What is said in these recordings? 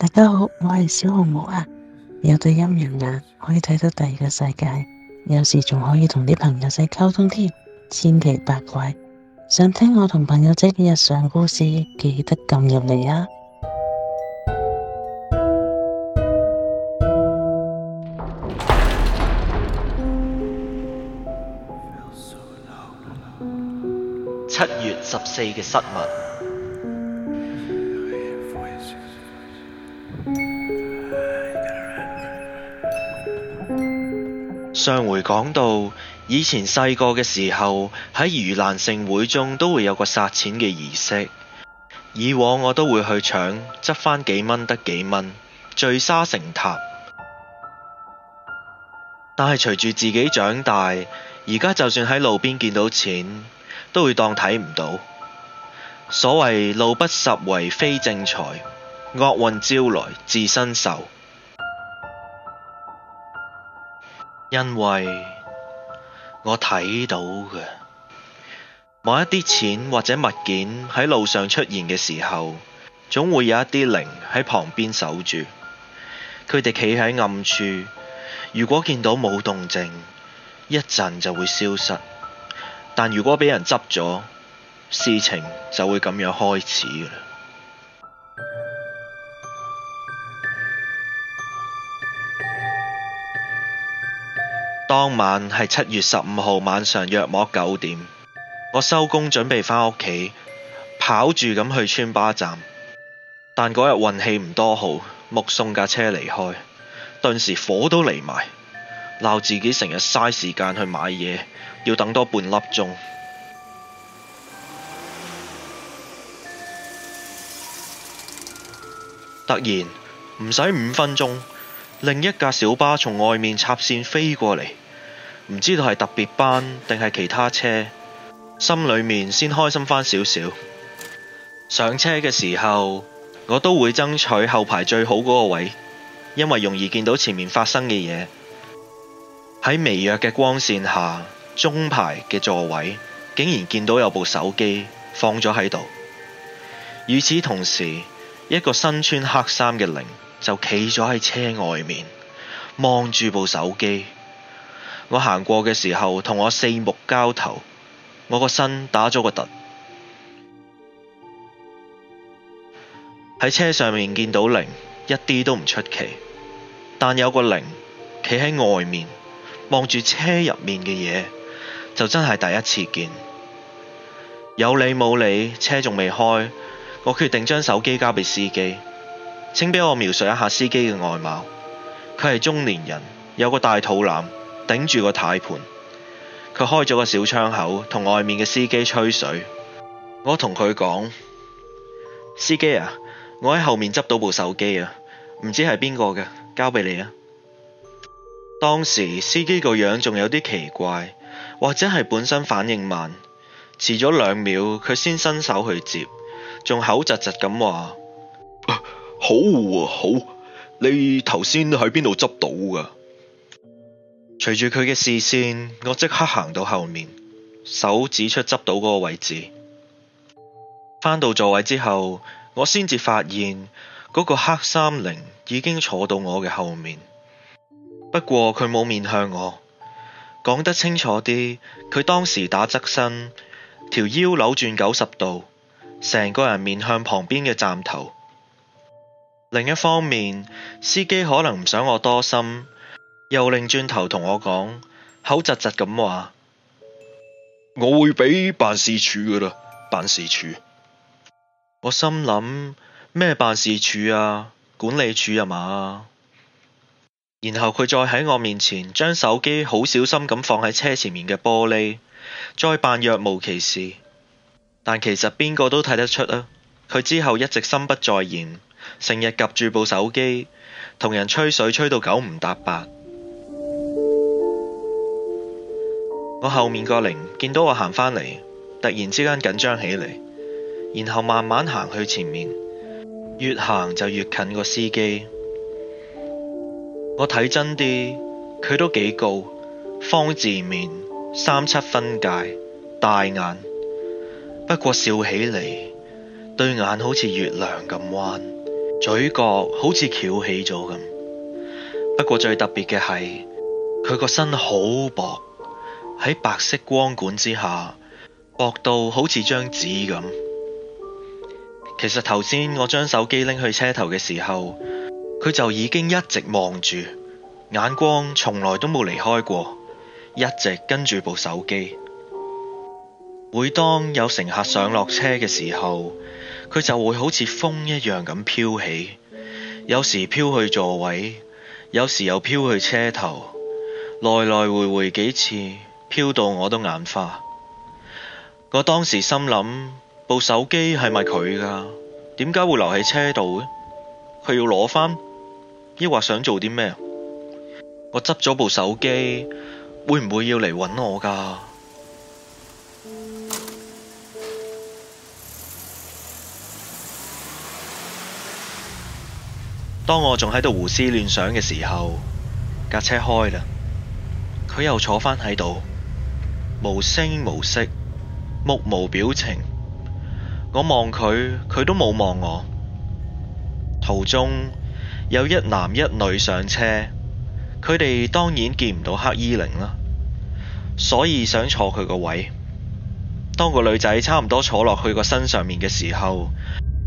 大家好，我係小紅帽啊，有對陰陽眼可以睇到第二個世界，有時仲可以同啲朋友仔溝通添，千奇百怪。想聽我同朋友仔嘅日常故事，記得撳入嚟啊！七月十四嘅失物。上回講到，以前細個嘅時候喺盂蘭盛會中都會有個撒錢嘅儀式。以往我都會去搶，執返幾蚊得幾蚊，聚沙成塔。但係隨住自己長大，而家就算喺路邊見到錢，都會當睇唔到。所謂路不拾遺，非正財，惡運招來自身受。因為我睇到嘅。某一啲錢或者物件喺路上出現嘅時候，總會有一啲靈喺旁邊守住。佢哋企喺暗處，如果見到冇動靜，一陣就會消失。但如果俾人執咗，事情就會咁樣開始啦。當晚係七月十五號晚上約莫九點，我收工準備返屋企，跑住咁去村巴站。但嗰日運氣唔多好，目送架車離開，頓時火都嚟埋，鬧自己成日嘥時間去買嘢，要等多半粒鐘。突然，唔使五分鐘。另一架小巴從外面插線飛過嚟，唔知道係特別班定係其他車，心裡面先開心翻少少。上車嘅時候，我都會爭取後排最好嗰個位，因為容易見到前面發生嘅嘢。喺微弱嘅光線下，中排嘅座位竟然見到有部手機放咗喺度。與此同時，一個身穿黑衫嘅靈，就企咗喺車外面望住部手機，我行過嘅時候同我四目交投，我個身打咗個突。喺車上面見到靈一啲都唔出奇，但有個靈企喺外面望住車入面嘅嘢就真係第一次見。有理冇理，車仲未開，我決定將手機交俾司機。請俾我描述一下司機嘅外貌，佢係中年人，有個大肚腩，頂住個軚盤，佢開咗個小窗口同外面嘅司機吹水。我同佢講：「司機啊，我喺後面執到部手機啊，唔知係邊個嘅，交俾你啊。當時司機個樣仲有啲奇怪，或者係本身反應慢，遲咗兩秒佢先伸手去接，仲口窒窒咁話。啊好啊，好！你頭先喺邊度執到噶？隨住佢嘅視線，我即刻行到後面，手指出執到嗰個位置。返到座位之後，我先至發現嗰、嗰個黑衫靈已經坐到我嘅後面。不過佢冇面向我，講得清楚啲，佢當時打側身，條腰扭轉九十度，成個人面向旁邊嘅站頭。另一方面，司機可能唔想我多心，又擰轉頭同我講，口窒窒咁話：我會畀辦事處㗎喇，辦事處。我心諗咩辦事處啊？管理處啊嘛。然後佢再喺我面前將手機好小心咁放喺車前面嘅玻璃，再扮若無其事。但其實邊個都睇得出呀，佢之後一直心不在焉。成日夾住部手機，同人吹水，吹到九唔搭八。我後面個靈見到我行翻嚟，突然之間緊張起嚟，然後慢慢行去前面，越行就越近個司機。我睇真啲，佢都幾高，方字面三七分界，大眼，不過笑起嚟對眼好似月亮咁彎。嘴角好似翹起咗咁，不過最特別嘅係佢個身好薄，喺白色光管之下薄到好似張紙咁。其實頭先我將手機拎去車頭嘅時候，佢就已經一直望住，眼光從來都冇離開過，一直跟住部手機。每當有乘客上落車嘅時候，佢就會好似風一樣咁飄起，有時飄去座位，有時又飄去車頭，來來回回幾次，飄到我都眼花。我當時心諗，部手機係咪佢噶？點解會留喺車度嘅？佢要攞返，抑或想做啲咩？我執咗部手機，會唔會要嚟揾我噶？當我仲喺度胡思亂想嘅時候，架車開喇。佢又坐返喺度，無聲無息，目無表情。我望佢，佢都冇望我。途中有一男一女上車，佢哋當然見唔到黑衣靈啦，所以想坐佢個位。當個女仔差唔多坐落去個身上面嘅時候，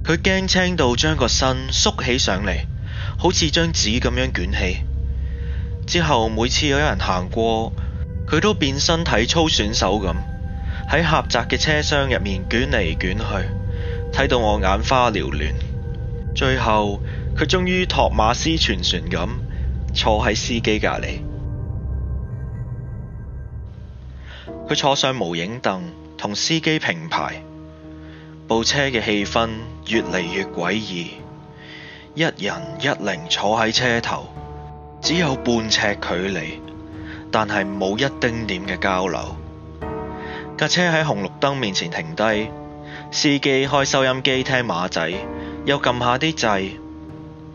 佢驚青到將個身縮起上嚟。好似張紙咁樣捲起，之後每次有人行過，佢都變身體操選手咁，喺狹窄嘅車廂入面捲嚟捲去，睇到我眼花繚亂。最後佢終於托馬斯全旋咁坐喺司機隔籬，佢坐上無影凳同司機平排，部車嘅氣氛越嚟越詭異一人一靈坐喺車頭，只有半尺距離，但係冇一丁點嘅交流。架車喺紅綠燈面前停低，司機開收音機聽馬仔，又撳下啲掣，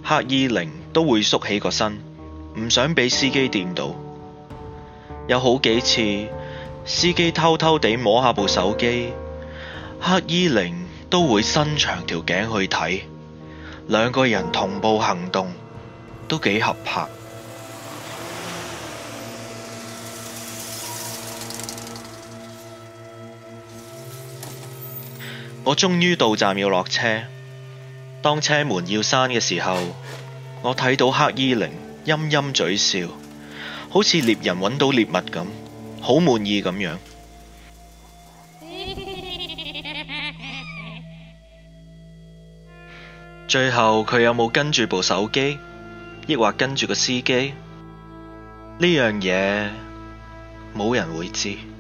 黑衣靈都會縮起個身，唔想俾司機掂到。有好幾次，司機偷偷地摸下部手機，黑衣靈都會伸長條頸去睇。兩個人同步行動都幾合拍。我終於到站要落車，當車門要閂嘅時候，我睇到黑衣靈陰陰嘴笑，好似獵人揾到獵物咁，好滿意咁樣。最後佢有冇跟住部手機，抑或跟住個司機？呢樣嘢冇人會知道。